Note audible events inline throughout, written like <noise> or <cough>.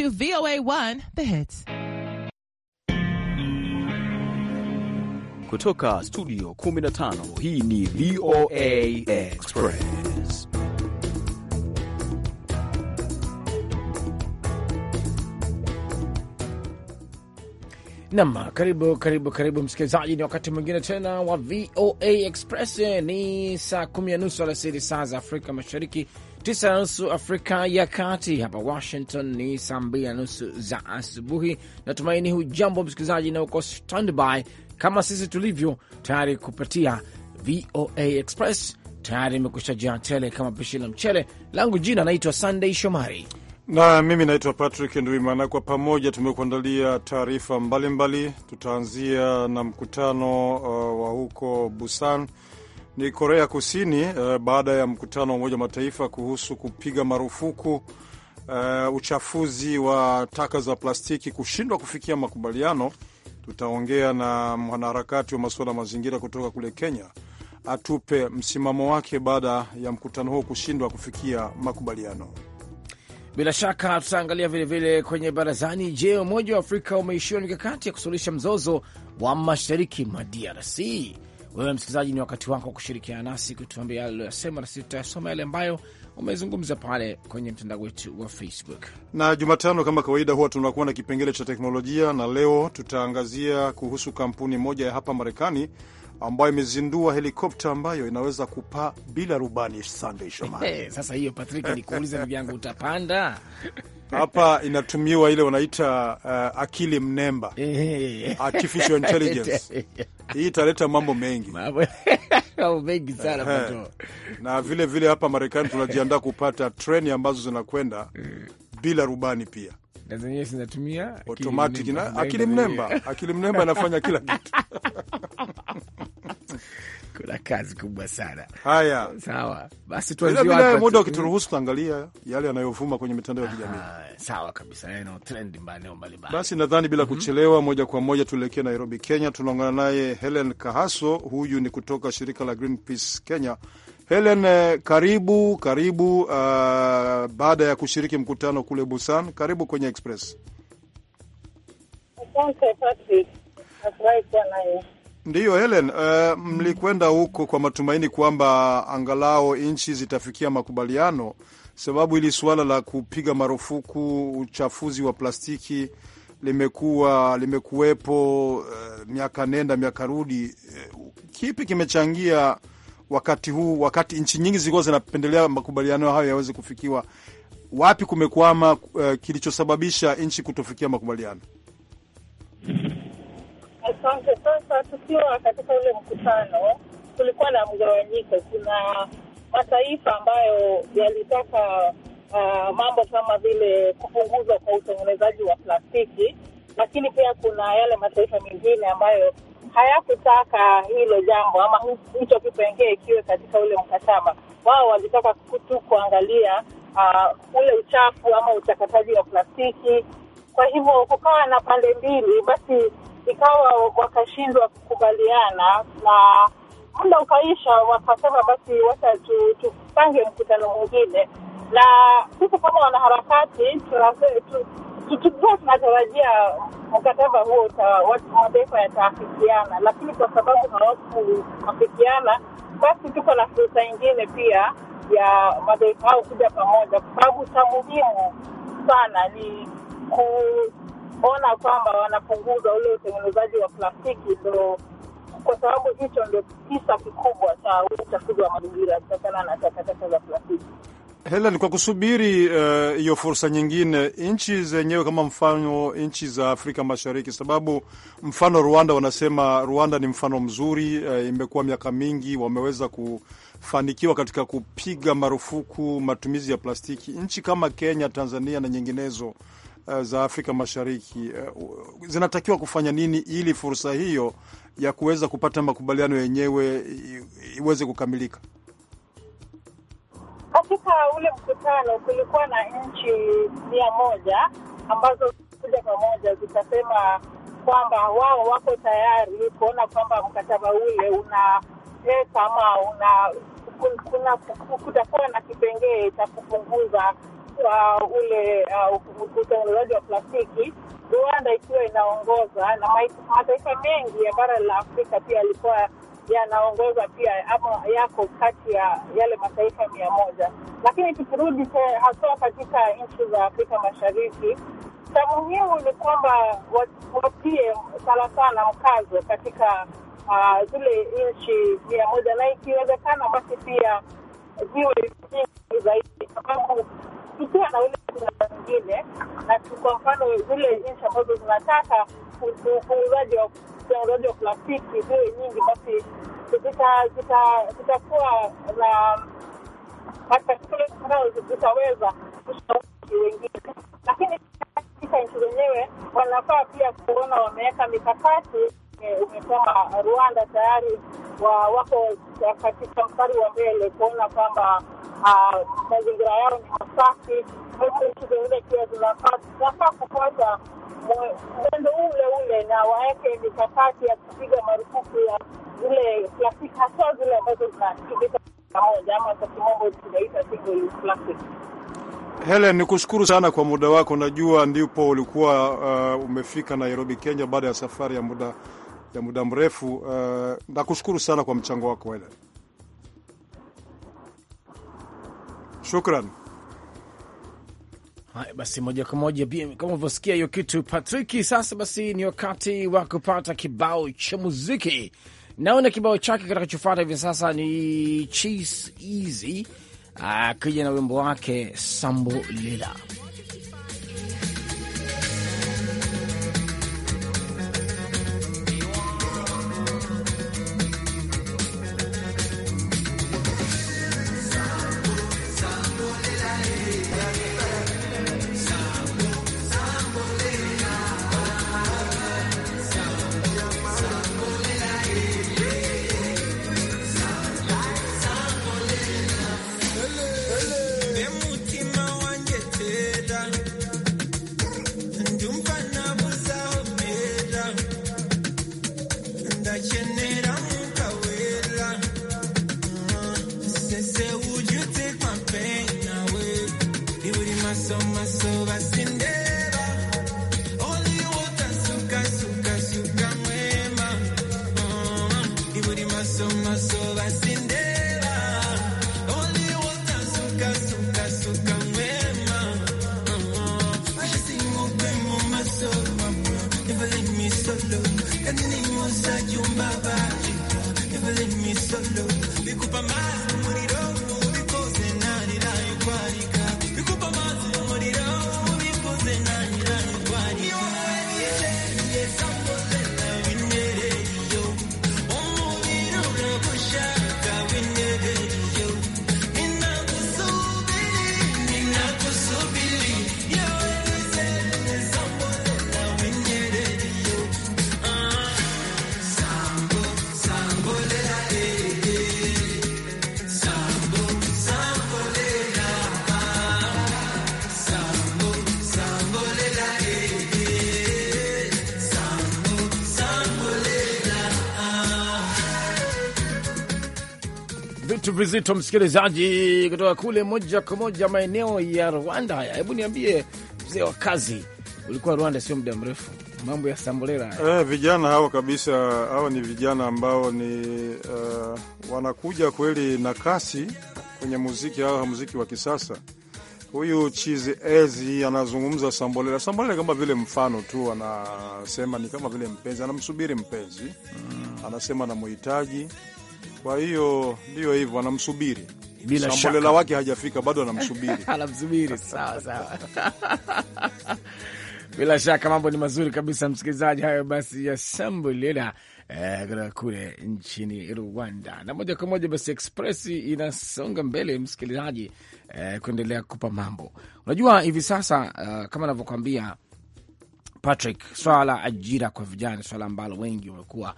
to VOA1 The Hits. Kutoka studio 15 hii ni VOA Express. Nam, karibu karibu karibu msikilizaji, ni wakati mwingine tena wa VOA Express. Ni saa kumi na nusu alasiri saa za Afrika Mashariki tisa na nusu Afrika ya Kati. Hapa Washington ni saa mbili na nusu za asubuhi. Natumaini hujambo msikilizaji, na uko standby kama sisi tulivyo tayari kupatia VOA Express tayari imekusha jaa tele kama pishi la mchele langu. Jina naitwa Sunday Shomari na mimi naitwa Patrick Nduimana. Kwa pamoja tumekuandalia taarifa mbalimbali. Tutaanzia na mkutano uh, wa huko Busan ni Korea Kusini uh, baada ya mkutano wa Umoja wa Mataifa kuhusu kupiga marufuku uh, uchafuzi wa taka za plastiki kushindwa kufikia makubaliano. Tutaongea na mwanaharakati wa masuala ya mazingira kutoka kule Kenya atupe msimamo wake baada ya mkutano huo kushindwa kufikia makubaliano. Bila shaka tutaangalia vilevile kwenye barazani. Je, Umoja wa Afrika umeishiwa mikakati ya kusuluhisha mzozo wa mashariki mwa DRC? Wewe msikilizaji, ni wakati wako kushirikiana nasi kutuambia aliloyasema, na sisi tutayasoma yale ambayo umezungumza pale kwenye mtandao wetu wa Facebook. Na Jumatano kama kawaida, huwa tunakuwa na kipengele cha teknolojia, na leo tutaangazia kuhusu kampuni moja ya hapa Marekani ambayo imezindua helikopta ambayo inaweza kupaa bila rubani. Sunday Shomari, <laughs> sasa hiyo Patrick, nikuuliza ndugu yangu, utapanda? <laughs> hapa inatumiwa ile wanaita uh, akili mnemba <laughs> artificial intelligence. <laughs> Hii italeta mambo mengi <laughs> mengi sana na vile vile hapa Marekani tunajiandaa kupata treni ambazo zinakwenda bila rubani pia na zenyewe zinatumia automatic akili mnemba. Akili mnemba inafanya kila kitu kuna kazi kubwa sana. Haya, sawa basi, tuanzie muda ukituruhusu, tutaangalia yale yanayovuma kwenye mitandao ya ah, kijamii. Sawa kabisa, yana trend maeneo mbalimbali. Basi nadhani bila mm -hmm. kuchelewa, moja kwa moja tuelekee Nairobi, Kenya. Tunaongana naye Helen Kahaso, huyu ni kutoka shirika la Greenpeace Kenya. Helen, eh, karibu karibu. Uh, baada ya kushiriki mkutano kule Busan, karibu kwenye Express. Asante Patrick, nafurahi kuwa naye Ndiyo Helen, uh, mlikwenda huko kwa matumaini kwamba angalau nchi zitafikia makubaliano, sababu hili suala la kupiga marufuku uchafuzi wa plastiki limekuwa limekuwepo uh, miaka nenda miaka rudi. Uh, kipi kimechangia wakati huu, wakati nchi nyingi zilikuwa zinapendelea makubaliano hayo yaweze kufikiwa? Wapi kumekwama, uh, kilichosababisha nchi kutofikia makubaliano? Asante. Sasa tukiwa katika ule mkutano, kulikuwa na mgawanyiko. Kuna mataifa ambayo yalitaka uh, mambo kama vile kupunguzwa kwa utengenezaji wa plastiki, lakini pia kuna yale mataifa mengine ambayo hayakutaka hilo jambo ama hicho kipengee ikiwe katika ule mkataba. Wao walitaka tu kuangalia uh, ule uchafu ama uchakataji wa plastiki. Kwa hivyo kukawa na pande mbili, basi ikawa wakashindwa kukubaliana na muda ukaisha, wakasema basi wacha tupange mkutano mwingine. Na sisi kama wanaharakati tulikuwa tunatarajia mkataba huo mataifa yataafikiana, lakini kwa sababu hawakuafikiana, basi tuko na fursa ingine pia ya mataifa hao kuja pamoja, kwa sababu cha muhimu sana ni ona kwamba wanapunguza ule utengenezaji wa plastiki, ndo kwa sababu hicho ndio kisa kikubwa cha uchafuzi wa mazingira kutokana na takataka za plastiki. Helen, kwa kusubiri eh, hiyo uh, fursa nyingine, nchi zenyewe kama mfano nchi za Afrika Mashariki, sababu mfano Rwanda, wanasema Rwanda ni mfano mzuri uh, imekuwa miaka mingi wameweza kufanikiwa katika kupiga marufuku matumizi ya plastiki. Nchi kama Kenya, Tanzania na nyinginezo Eh, za Afrika Mashariki eh, zinatakiwa kufanya nini ili fursa hiyo ya kuweza kupata makubaliano yenyewe iweze kukamilika? Katika ule mkutano kulikuwa na nchi mia moja ambazo kuja pamoja zikasema kwamba wao wako tayari kuona kwamba mkataba ule pesa ama una, kuna kutakuwa na kipengee cha kupunguza kuchukua ule utengenezaji uh, wa plastiki, Rwanda ikiwa inaongoza na mataifa mengi ya bara la Afrika pia yalikuwa yanaongoza pia ama yako kati ya yale mataifa mia moja. Lakini tukirudi haswa katika nchi za Afrika Mashariki, cha muhimu ni kwamba watie sana sana mkazo katika uh, zile nchi mia moja na ikiwezekana basi pia ziwe nyingi zaidi, sababu tunapitia na ule kuna wengine na kwa mfano zile nchi ambazo zinataka upunguzaji wa plastiki ziwe nyingi, basi zitakuwa na zitaweza kushauri wengine, lakini katika nchi zenyewe wanafaa pia kuona wameweka mikakati umesema Rwanda tayari wa wako katika mstari wa mbele kuona kwamba ah, mazingira yao ni masafi, huku nchi zingine pia zinafaa kufuata mwendo ule ule na waweke mikakati ya kupiga marufuku ya zile plastiki, hasa zile ambazo zinatumika pamoja, ama kwa kimombo tunaita single use plastic. Helen, ni kushukuru sana kwa muda wako. Najua ndipo ulikuwa uh, umefika Nairobi, Kenya, baada ya safari ya muda ya muda mrefu uh, nakushukuru sana kwa mchango wako wele. Shukran. Haya basi, moja kwa moja kama ulivyosikia hiyo kitu Patriki. Sasa basi, ni wakati wa kupata kibao cha muziki. Naona kibao chake kitakachofuata hivi sasa ni Chase Easy uh, akija na wimbo wake Sambo Lila. vitu vizito, msikilizaji, kutoka kule moja kwa moja maeneo ya Rwanda. Haya, hebu niambie mzee wa kazi, ulikuwa Rwanda sio muda mrefu, mambo ya Sambolera eh, vijana hao kabisa, hao ni vijana ambao ni uh, wanakuja kweli na kasi kwenye muziki au muziki wa kisasa. Huyu chizi ezi anazungumza sambolela sambolela, kama vile mfano tu, anasema ni kama vile mpenzi, anamsubiri mpenzi, mm. anasema na muhitaji kwa hiyo ndio hivyo, anamsubiri bila shaka, mbolela wake hajafika bado, anamsubiri <laughs> anamsubiri. Sawa sawa. <laughs> Bila shaka mambo ni mazuri kabisa, msikilizaji. Hayo basi ya Sambulela eh, kutoka eh, kule nchini Rwanda. Na moja kwa moja basi Express inasonga mbele, msikilizaji, eh, kuendelea kupa mambo. Unajua hivi sasa uh, kama anavyokwambia Patrick, swala la ajira kwa vijana, swala ambalo wengi wamekuwa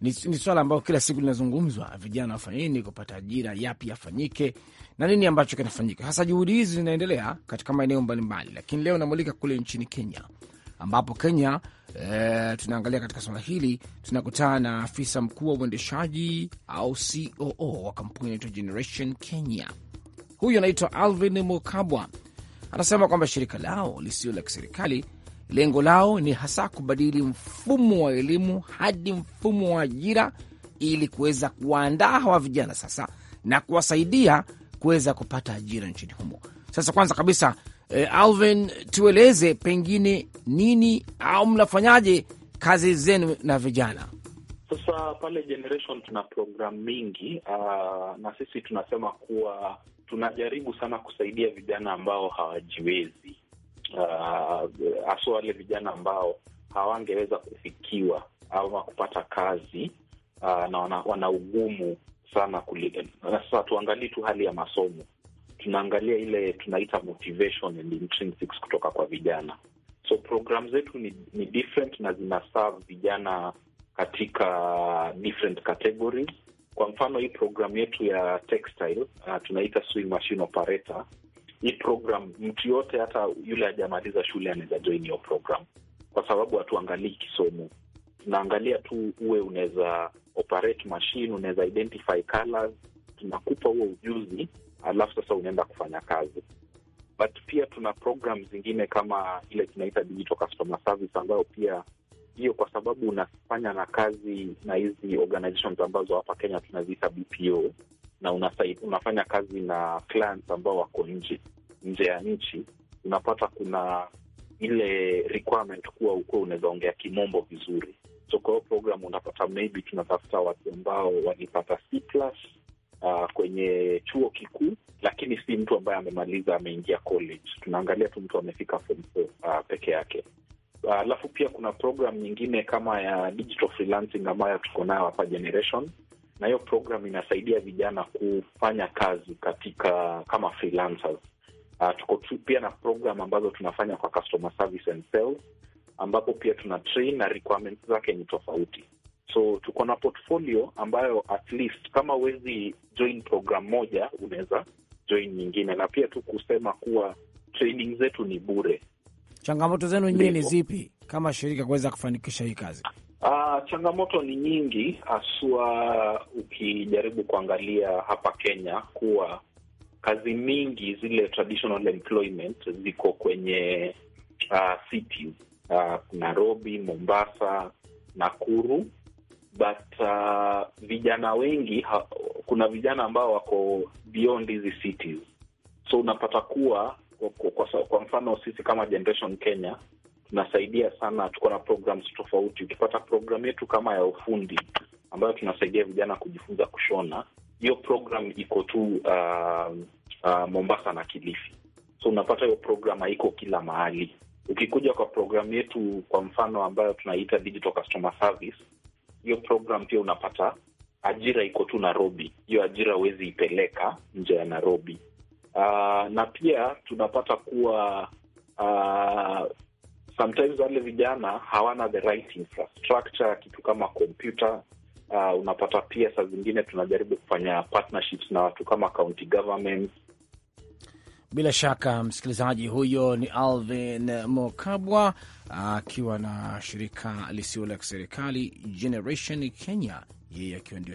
ni, ni swala ambayo kila siku linazungumzwa, vijana wafanye nini kupata ajira, yapi yafanyike na nini ambacho kinafanyika. Hasa juhudi hizi zinaendelea katika maeneo mbalimbali, lakini leo namulika kule nchini Kenya ambapo Kenya e, tunaangalia katika swala hili, tunakutana na afisa mkuu wa uendeshaji au COO wa kampuni inaitwa Generation Kenya. Huyu anaitwa Alvin Mukabwa, anasema kwamba shirika lao lisio la kiserikali Lengo lao ni hasa kubadili mfumo wa elimu hadi mfumo wa ajira ili kuweza kuwaandaa hawa vijana sasa na kuwasaidia kuweza kupata ajira nchini humo. Sasa kwanza kabisa eh, Alvin, tueleze pengine nini au mnafanyaje kazi zenu na vijana? Sasa pale Generation tuna programu mingi uh, na sisi tunasema kuwa tunajaribu sana kusaidia vijana ambao hawajiwezi Uh, haswa uh, wale vijana ambao hawangeweza kufikiwa ama kupata kazi uh, na wana, wana ugumu sana kuli. Sasa tuangalie tu hali ya masomo, tunaangalia ile tunaita motivation and intrinsics kutoka kwa vijana. So program zetu ni, ni different na zinaserve vijana katika different categories. Kwa mfano hii programu yetu ya textile uh, tunaita sewing machine operator hii program, mtu yote hata yule hajamaliza shule anaweza join hiyo program, kwa sababu hatuangalii kisomo, tunaangalia tu uwe unaweza operate machine, unaweza identify colors. Tunakupa huo ujuzi, alafu sasa unaenda kufanya kazi. But pia tuna program zingine kama ile tunaita digital customer service, ambayo pia hiyo, kwa sababu unafanya na kazi na hizi organizations ambazo hapa Kenya tunaziita BPO na unafanya kazi na clients ambao wako nje, nje ya nchi, unapata kuna ile requirement kuwa ukuwa unaweza ongea kimombo vizuri. So kwa hiyo program unapata maybe tunatafuta watu ambao walipata C plus uh, kwenye chuo kikuu, lakini si mtu ambaye amemaliza ameingia college. Tunaangalia tu mtu amefika form four uh, peke yake. Ah, alafu uh, pia kuna program nyingine kama ya digital freelancing ambayo tuko nayo hapa Generation, na hiyo program inasaidia vijana kufanya kazi katika kama freelancers Uh, tuko pia na program ambazo tunafanya kwa customer service and sales, ambapo pia tuna train na requirements zake ni tofauti. So tuko na portfolio ambayo at least kama huwezi join program moja, unaweza join nyingine, na pia tu kusema kuwa training zetu ni bure. Changamoto zenu nyinyi ni zipi kama shirika kuweza kufanikisha hii kazi? Uh, changamoto ni nyingi haswa ukijaribu kuangalia hapa Kenya kuwa kazi mingi zile traditional employment ziko kwenye uh, cities uh, Nairobi, Mombasa, Nakuru but uh, vijana wengi ha, kuna vijana ambao wako beyond hizi cities, so unapata kuwa kwa, kwa, kwa mfano sisi kama Generation Kenya tunasaidia sana, tuko na programs tofauti. Ukipata programu yetu kama ya ufundi ambayo tunasaidia vijana kujifunza kushona hiyo program iko tu uh, uh, Mombasa na Kilifi, so unapata hiyo program haiko kila mahali. Ukikuja kwa programu yetu kwa mfano ambayo tunaita digital customer service, hiyo program pia unapata ajira iko tu Nairobi, hiyo ajira huwezi ipeleka nje ya Nairobi. Uh, na pia tunapata kuwa uh, sometimes wale vijana hawana the right infrastructure, kitu kama kompyuta uh, unapata pia saa zingine tunajaribu kufanya partnerships na watu kama county governments. Bila shaka msikilizaji, huyo ni Alvin Mokabwa akiwa na shirika lisio la kiserikali Generation Kenya, yeye akiwa ndio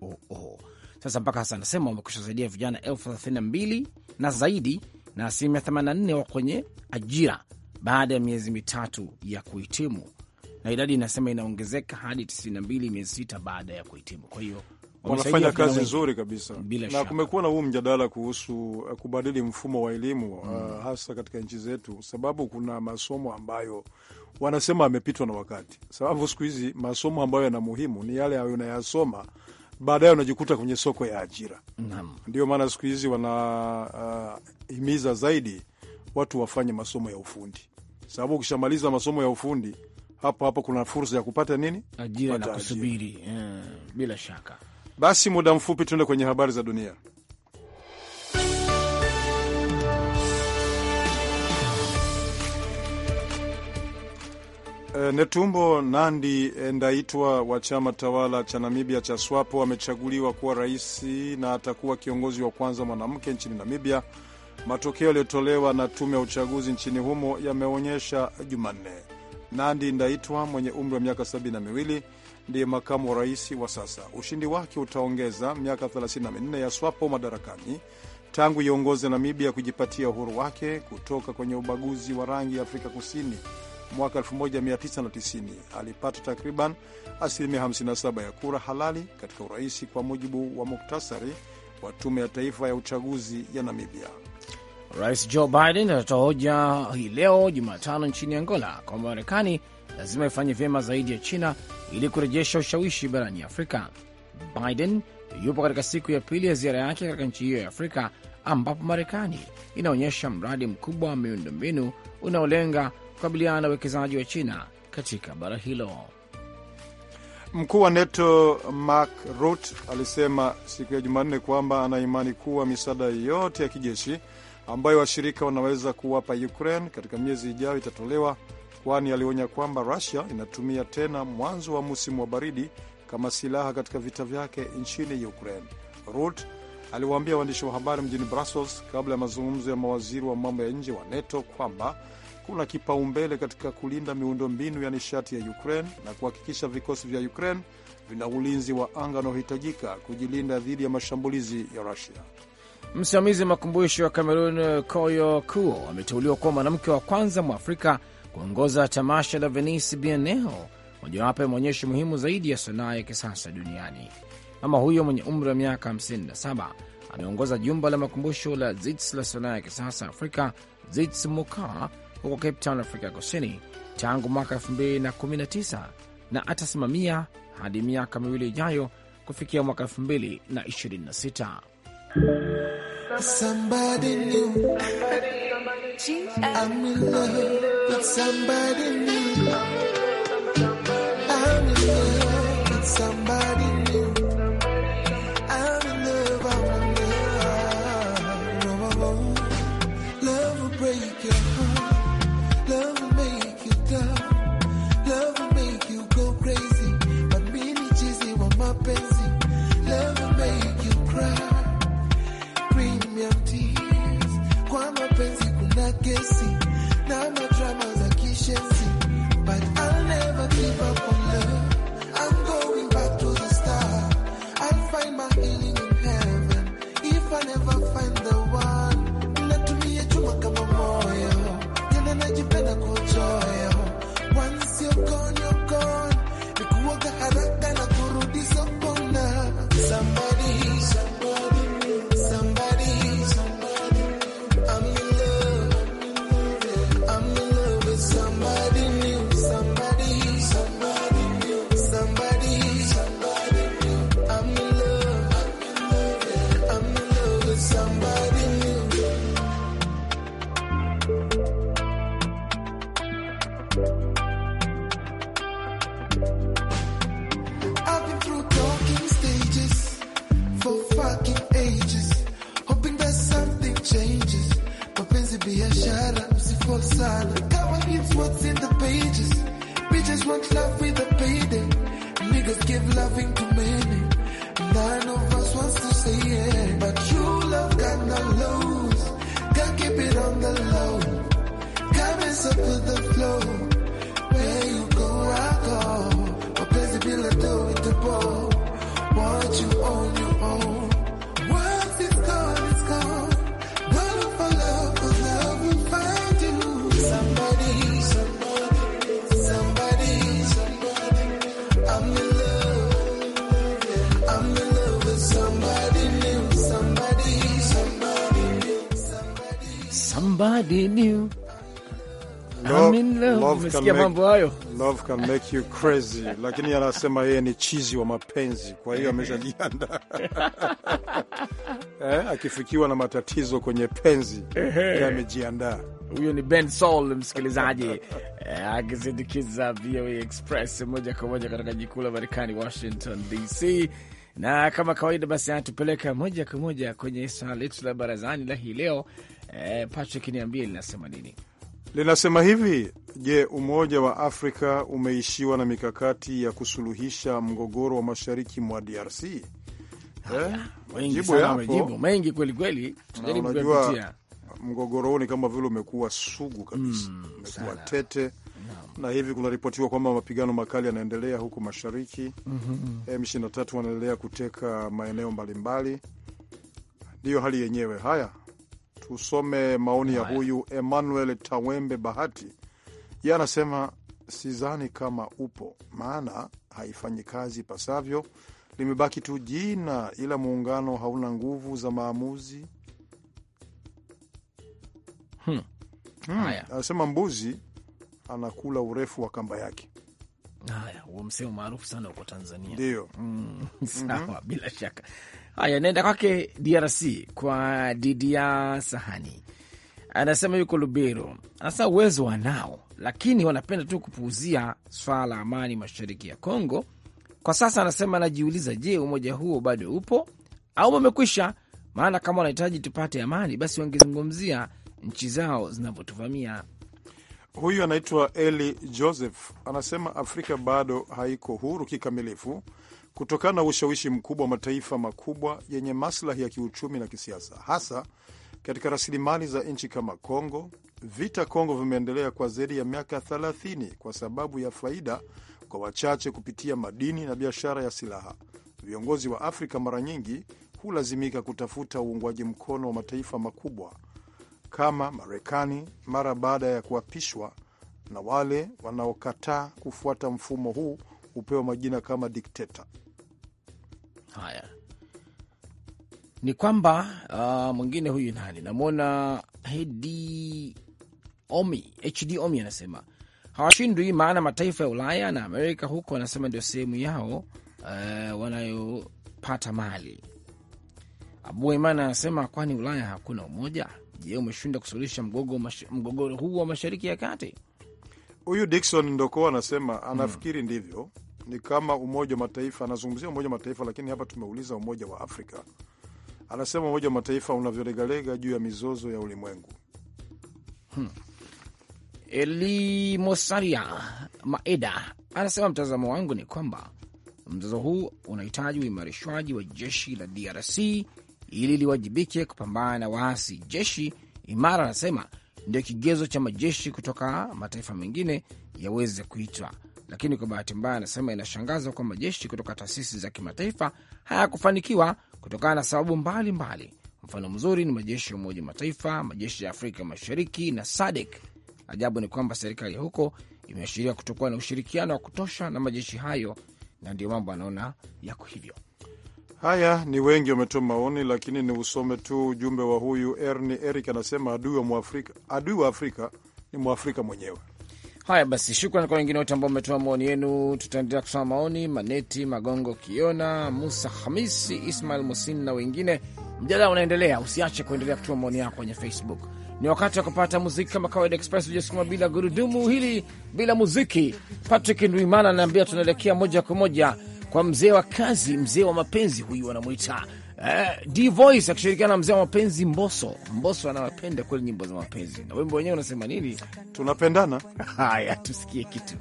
COO. Sasa mpaka sasa anasema wamekusha saidia vijana elfu thelathini na mbili na zaidi na asilimia 84 wa kwenye ajira baada ya miezi mitatu ya kuhitimu na idadi inasema inaongezeka hadi 92 miezi sita baada ya kuhitimu. Kwa hiyo wanafanya kazi nzuri kabisa, na kumekuwa na huu mjadala kuhusu eh, kubadili mfumo wa elimu eh, mm. uh, hasa katika nchi zetu, sababu kuna masomo ambayo wanasema amepitwa na wakati, sababu siku hizi masomo ambayo yana muhimu ni yale unayasoma baadaye unajikuta kwenye soko ya ajira. mm. ndio maana siku hizi wanahimiza eh, uh, zaidi watu wafanye masomo ya ufundi, sababu ukishamaliza masomo ya ufundi hapo hapo kuna fursa ya kupata nini, ajira na kusubiri yeah. Bila shaka basi, muda mfupi tuende kwenye habari za dunia. Eh, Netumbo Nandi eh, Ndaitwa wa chama tawala cha Namibia cha SWAPO amechaguliwa kuwa rais na atakuwa kiongozi wa kwanza mwanamke nchini Namibia. Matokeo yaliyotolewa na tume ya uchaguzi nchini humo yameonyesha Jumanne. Nandi Ndaitwa mwenye umri wa miaka sabini na miwili ndiye makamu wa rais wa sasa. Ushindi wake utaongeza miaka 34 ya SWAPO madarakani tangu iongoze Namibia kujipatia uhuru wake kutoka kwenye ubaguzi wa rangi ya Afrika Kusini mwaka 1990. Alipata takriban asilimia 57 ya kura halali katika urais, kwa mujibu wa muktasari wa Tume ya Taifa ya Uchaguzi ya Namibia. Rais Joe Biden atatoa hoja hii leo Jumatano nchini Angola kwamba Marekani lazima ifanye vyema zaidi ya China ili kurejesha ushawishi barani Afrika. Biden yupo katika siku ya pili ya ziara yake katika nchi hiyo ya Afrika ambapo Marekani inaonyesha mradi mkubwa wa miundombinu unaolenga kukabiliana na uwekezaji wa China katika bara hilo. Mkuu wa NATO Mark Rutte alisema siku ya Jumanne kwamba ana imani kuwa misaada yote ya kijeshi ambayo washirika wanaweza kuwapa Ukraine katika miezi ijayo itatolewa, kwani alionya kwamba Rusia inatumia tena mwanzo wa musimu wa baridi kama silaha katika vita vyake nchini Ukraine. Rutte aliwaambia waandishi wa habari mjini Brussels kabla ya mazungumzo ya mawaziri wa mambo ya nje wa NATO kwamba kuna kipaumbele katika kulinda miundombinu ya nishati ya Ukraine na kuhakikisha vikosi vya Ukraine vina ulinzi wa anga unaohitajika kujilinda dhidi ya mashambulizi ya Rusia. Msimamizi wa makumbusho ya Cameroon Koyo Kuo ameteuliwa kuwa mwanamke wa kwanza Mwafrika kuongoza tamasha la Venice Biennale, mojawapo ya maonyesho muhimu zaidi ya sanaa ya kisasa duniani. Mama huyo mwenye umri wa miaka 57 ameongoza jumba la makumbusho la ZITS la sanaa ya kisasa Afrika, ZITS Muka, huko Cape Town, Afrika Kusini tangu mwaka 2019 na atasimamia hadi miaka miwili ijayo kufikia mwaka 2026. Somebody new. I'm in love with somebody new. somebody new Umesikia mambo hayo, love can make you crazy lakini anasema yeye ni chizi wa mapenzi, kwa hiyo ameshajiandaa <laughs> eh, akifikiwa na matatizo kwenye penzi amejiandaa. Huyo ni Ben msikilizaji eh, akisindikiza VOA Express moja kwa moja katika la Marekani, Washington DC, na kama kawaida basi anatupeleka moja kwa moja kwenye swala letu la barazani la hii leo eh, Patrick niambie linasema nini? Linasema hivi: Je, Umoja wa Afrika umeishiwa na mikakati ya kusuluhisha mgogoro wa mashariki mwa DRC? Eh, mengi kweli kweli, mgogoro huu ni kama vile umekuwa sugu kabisa, mm, umekuwa mm, tete Na hivi kunaripotiwa kwamba mapigano makali yanaendelea huku mashariki mm -hmm. wanaendelea kuteka maeneo mbalimbali, ndiyo hali yenyewe. Haya, tusome maoni ya huyu Emmanuel Tawembe Bahati. ye anasema sidhani kama upo, maana haifanyi kazi ipasavyo, limebaki tu jina, ila muungano hauna nguvu za maamuzi. hmm. Hmm. Anasema mbuzi anakula urefu wa kamba yake. Haya, huo msemo maarufu sana huko Tanzania ndio. mm, <laughs> sawa. mm -hmm. bila shaka Haya, naenda kwake DRC kwa Didia Sahani, anasema yuko Lubero. Anasema uwezo wanao, lakini wanapenda tu kupuuzia swala la amani mashariki ya Kongo kwa sasa. Anasema anajiuliza, je, umoja huo bado upo au wamekwisha? Maana kama wanahitaji tupate amani, basi wangezungumzia nchi zao zinavyotuvamia. Huyu anaitwa Eli Joseph, anasema Afrika bado haiko huru kikamilifu kutokana na ushawishi mkubwa wa mataifa makubwa yenye maslahi ya kiuchumi na kisiasa, hasa katika rasilimali za nchi kama Kongo. Vita Kongo vimeendelea kwa zaidi ya miaka 30 kwa sababu ya faida kwa wachache kupitia madini na biashara ya silaha. Viongozi wa Afrika mara nyingi hulazimika kutafuta uungwaji mkono wa mataifa makubwa kama Marekani mara baada ya kuapishwa na wale wanaokataa kufuata mfumo huu hupewa majina kama dikteta. Haya ni kwamba uh, mwingine huyu nani, namwona Hedi Omi, HD Omi anasema hawashindwi, maana mataifa ya Ulaya na Amerika huko wanasema ndio sehemu yao, uh, wanayopata mali. Abu Imana anasema kwani Ulaya hakuna umoja? Je, umeshinda kusuluhisha mgogoro huu wa mashariki ya kati? huyu dikson Ndoko anasema hmm. anafikiri mm. ndivyo ni kama Umoja wa Mataifa, anazungumzia Umoja wa Mataifa, lakini hapa tumeuliza Umoja wa Afrika. Anasema Umoja wa Mataifa unavyolegalega juu ya mizozo ya ulimwengu hmm. Eli Mosaria Maeda anasema mtazamo wangu ni kwamba mzozo huu unahitaji uimarishwaji wa jeshi la DRC ili liwajibike kupambana na waasi. Jeshi imara, anasema ndio kigezo cha majeshi kutoka mataifa mengine yaweze kuitwa. Lakini kwa bahati mbaya, anasema inashangaza kwa majeshi kutoka taasisi za kimataifa hayakufanikiwa kutokana na sababu mbalimbali mbali. Mfano mzuri ni majeshi ya Umoja Mataifa, majeshi ya Afrika Mashariki na SADC. Ajabu ni kwamba serikali ya huko imeashiria kutokuwa na ushirikiano wa kutosha na majeshi hayo, na ndio mambo anaona yako hivyo. Haya, ni wengi wametoa maoni, lakini ni usome tu ujumbe wa huyu Erni Eric anasema adui wa Mwafrika, adui wa Afrika ni Mwafrika mwenyewe. Haya basi, shukran kwa wengine wote ambao wametoa maoni yenu. Tutaendelea kusoma maoni. Maneti Magongo, Kiona Musa, Hamisi Ismail Musin na wengine. Mjadala unaendelea, usiache kuendelea kutuma maoni yako kwenye Facebook. Ni wakati wa kupata muziki kama kawaida. Express hujasukuma bila gurudumu hili, bila muziki. Patrick Ndwimana anaambia tunaelekea moja kwa moja kwa mzee wa kazi, mzee wa mapenzi huyu wanamwita Uh, eh, D Voice akishirikiana na mzee wa mapenzi mboso mboso anawapenda kweli nyimbo za mapenzi, na wimbo wenyewe unasema nini? Tunapendana. <laughs> Haya, tusikie kitu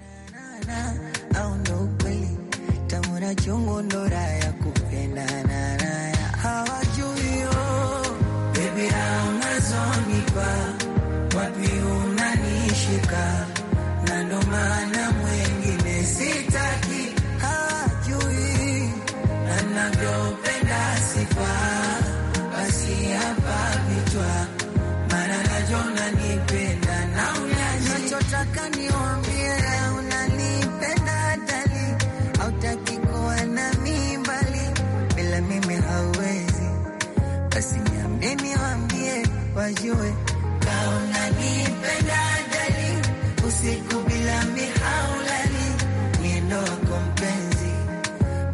wajue pena dali usiku bila mihaulali mwendo wako mpenzi,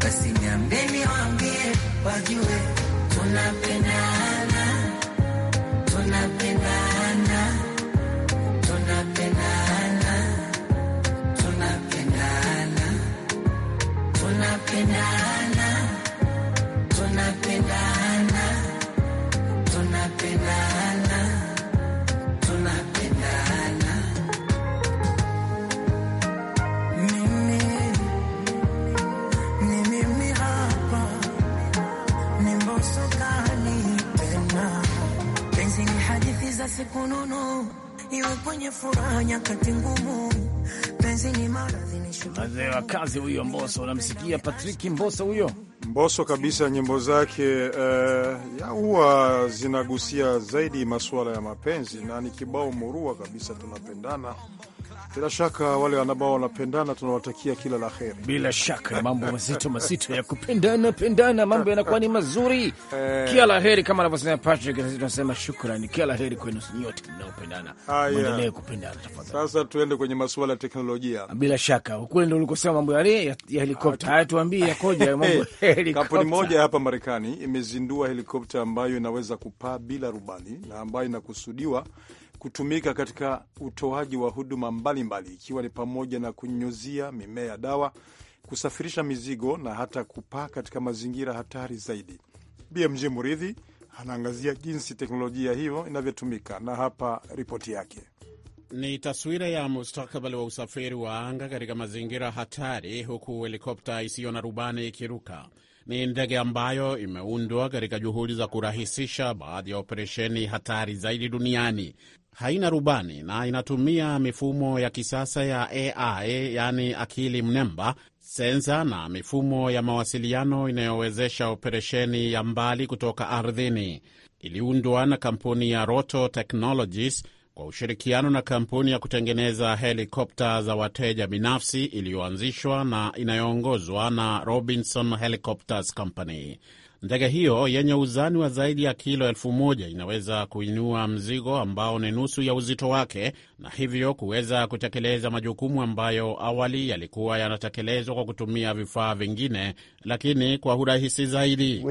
basi niambeni, waambie wajue tunapenda wa kazi huyo Mboso, unamsikia Patrick Mboso huyo Mboso kabisa. Nyimbo zake uh, huwa zinagusia zaidi masuala ya mapenzi na ni kibao murua kabisa, tunapendana bila shaka wale ambao wanapendana tunawatakia kila la heri. Bila shaka mambo mazito mazito ya kupendana pendana, mambo yanakuwa ni mazuri eh. Kila la heri kama anavyosema Patrick, na sisi tunasema shukrani, kila la heri kwenu nyote mnaopendana, mwendelee kupendana tafadhali. Sasa tuende kwenye masuala ya teknolojia. Bila shaka ukule ndio ulikosema mambo yale ya helikopta. Haya, tuambie yakoje mambo ya <laughs> helikopta. Kampuni moja hapa Marekani imezindua helikopta ambayo inaweza kupaa bila rubani na ambayo inakusudiwa kutumika katika utoaji wa huduma mbalimbali, ikiwa ni pamoja na kunyunyuzia mimea dawa, kusafirisha mizigo na hata kupaa katika mazingira hatari zaidi. BMJ Muridhi anaangazia jinsi teknolojia hiyo inavyotumika na hapa ripoti yake. Ni taswira ya mustakabali wa usafiri wa anga katika mazingira hatari, huku helikopta isiyo na rubani ikiruka. Ni ndege ambayo imeundwa katika juhudi za kurahisisha baadhi ya operesheni hatari zaidi duniani haina rubani na inatumia mifumo ya kisasa ya AI, yaani akili mnemba, sensa na mifumo ya mawasiliano inayowezesha operesheni ya mbali kutoka ardhini. Iliundwa na kampuni ya Roto Technologies kwa ushirikiano na kampuni ya kutengeneza helikopta za wateja binafsi iliyoanzishwa na inayoongozwa na Robinson Helicopters Company. Ndege hiyo yenye uzani wa zaidi ya kilo elfu moja inaweza kuinua mzigo ambao ni nusu ya uzito wake na hivyo kuweza kutekeleza majukumu ambayo awali yalikuwa yanatekelezwa kwa kutumia vifaa vingine, lakini kwa urahisi zaidi.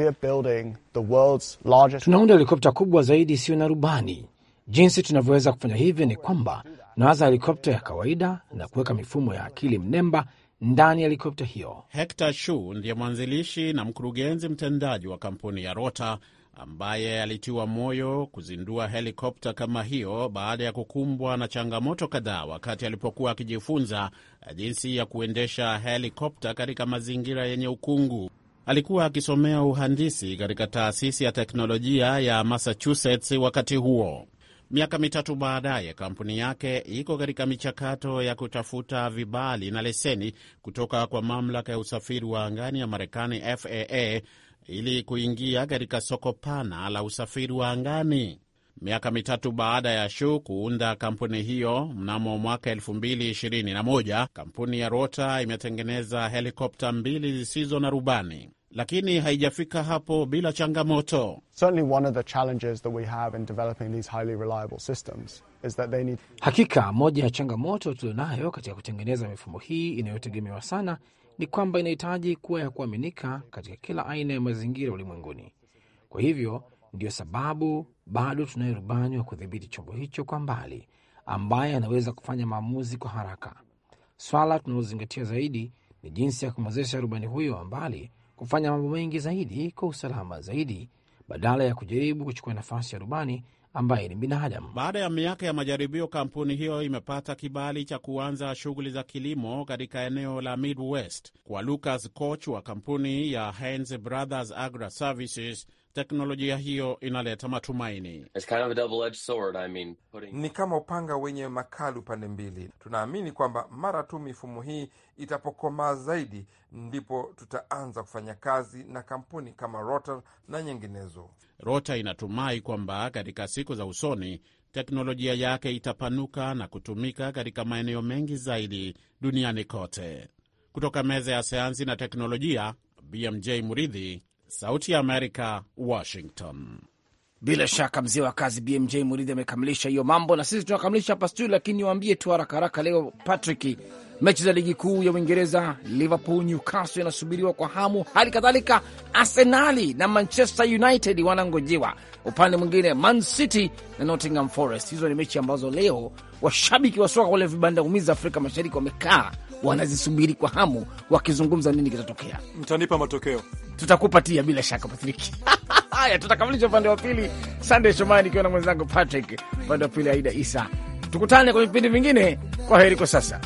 Largest... tunaunda helikopta kubwa zaidi isiyo na rubani. Jinsi tunavyoweza kufanya hivyo ni kwamba tunawaza helikopta ya kawaida na kuweka mifumo ya akili mnemba ndani ya helikopta hiyo. Hector Shu ndiye mwanzilishi na mkurugenzi mtendaji wa kampuni ya Rota ambaye alitiwa moyo kuzindua helikopta kama hiyo baada ya kukumbwa na changamoto kadhaa wakati alipokuwa akijifunza jinsi ya kuendesha helikopta katika mazingira yenye ukungu. Alikuwa akisomea uhandisi katika taasisi ya teknolojia ya Massachusetts wakati huo. Miaka mitatu baadaye, kampuni yake iko katika michakato ya kutafuta vibali na leseni kutoka kwa mamlaka ya usafiri wa angani ya Marekani, FAA, ili kuingia katika soko pana la usafiri wa angani. Miaka mitatu baada ya Shu kuunda kampuni hiyo mnamo mwaka 2021, kampuni ya Rota imetengeneza helikopta mbili zisizo na rubani lakini haijafika hapo bila changamoto. Hakika moja ya changamoto tulionayo katika kutengeneza mifumo hii inayotegemewa sana ni kwamba inahitaji kuwa ya kuaminika katika kila aina ya mazingira ulimwenguni. Kwa hivyo ndiyo sababu bado tunayo rubani wa kudhibiti chombo hicho kwa mbali, ambaye anaweza kufanya maamuzi kwa haraka. Swala tunalozingatia zaidi ni jinsi ya kumwezesha rubani huyo wa mbali kufanya mambo mengi zaidi kwa usalama zaidi badala ya kujaribu kuchukua nafasi ya rubani ambaye ni binadamu. Baada ya miaka ya majaribio, kampuni hiyo imepata kibali cha kuanza shughuli za kilimo katika eneo la Midwest kwa Lucas Koch wa kampuni ya Heinz Brothers agra Services teknolojia hiyo inaleta matumaini. Kind of sword, I mean, putting... ni kama upanga wenye makali upande mbili. Tunaamini kwamba mara tu mifumo hii itapokomaa zaidi, ndipo tutaanza kufanya kazi na kampuni kama Rota na nyinginezo. Rota inatumai kwamba katika siku za usoni teknolojia yake itapanuka na kutumika katika maeneo mengi zaidi duniani kote. Kutoka meza ya sayansi na teknolojia, BMJ Muridhi, Sauti ya Amerika, Washington. Bila shaka mzee wa kazi BMJ Muridhi amekamilisha hiyo mambo, na sisi tunakamilisha hapa studio, lakini niwaambie tu haraka haraka leo, Patrick, mechi za ligi kuu ya Uingereza, Liverpool Newcastle inasubiriwa kwa hamu, hali kadhalika Arsenali na Manchester United wanangojewa, upande mwingine Man City na Nottingham Forest. Hizo ni mechi ambazo leo washabiki wa soka kule vibanda umiza Afrika Mashariki wamekaa wanazisubiri kwa hamu, wakizungumza nini kitatokea. Mtanipa matokeo, tutakupatia bila shaka Patrick. <laughs> Haya, tutakamilisha upande wa pili. Sande Shomani ikiwa na mwenzangu Patrick, upande wa pili Aida Isa. Tukutane kwenye vipindi vingine. Kwa heri kwa sasa.